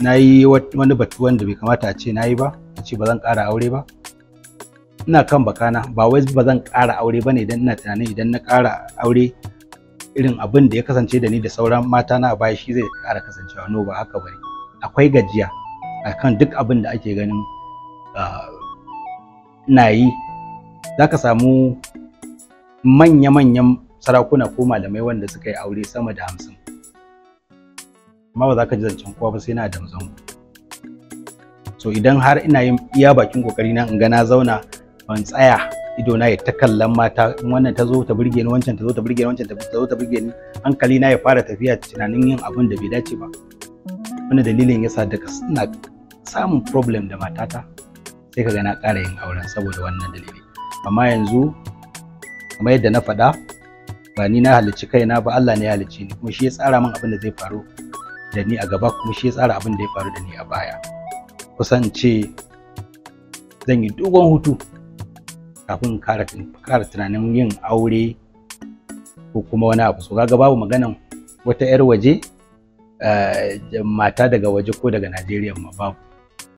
na yi wani batu wanda bai kamata a ce na yi ba a ce ba zan ƙara aure ba ina kan bakana ba wai ba zan ƙara aure ba ne idan ina tunanin idan na ƙara aure irin abin da ya kasance da ni da sauran mata na baya shi zai ƙara kasancewa no ba haka bane akwai gajiya akan duk abin da ake ganin na yi za ka samu manya-manyan sarakuna ko malamai wanda suka yi aure sama da hamsin amma ba za ka ji zancen kowa ba sai na da zango so idan har ina yin iya bakin kokari na in ga na zauna ban tsaya ido na ya ta kallon mata wannan ta zo ta burge ni wancan ta zo ta burge ni wancan ta zo ta burge ni hankali na ya fara tafiya tunanin yin abin da bai dace ba wani dalilin yasa daga suna samun problem da matata sai ka ga na ƙara yin auren saboda wannan dalili amma yanzu kamar yadda na faɗa ba ni na halicci kaina ba Allah ne ya halicci ni kuma shi ya tsara min abin da zai faru da ni a gaba kuma shi ya tsara abin da ya faru da ni a baya kusan ce zan yi dogon hutu kafin kara tunanin yin aure ko kuma wani abu so kaga babu maganan wata 'yar waje eh, mata daga waje ko daga najeriya ma babu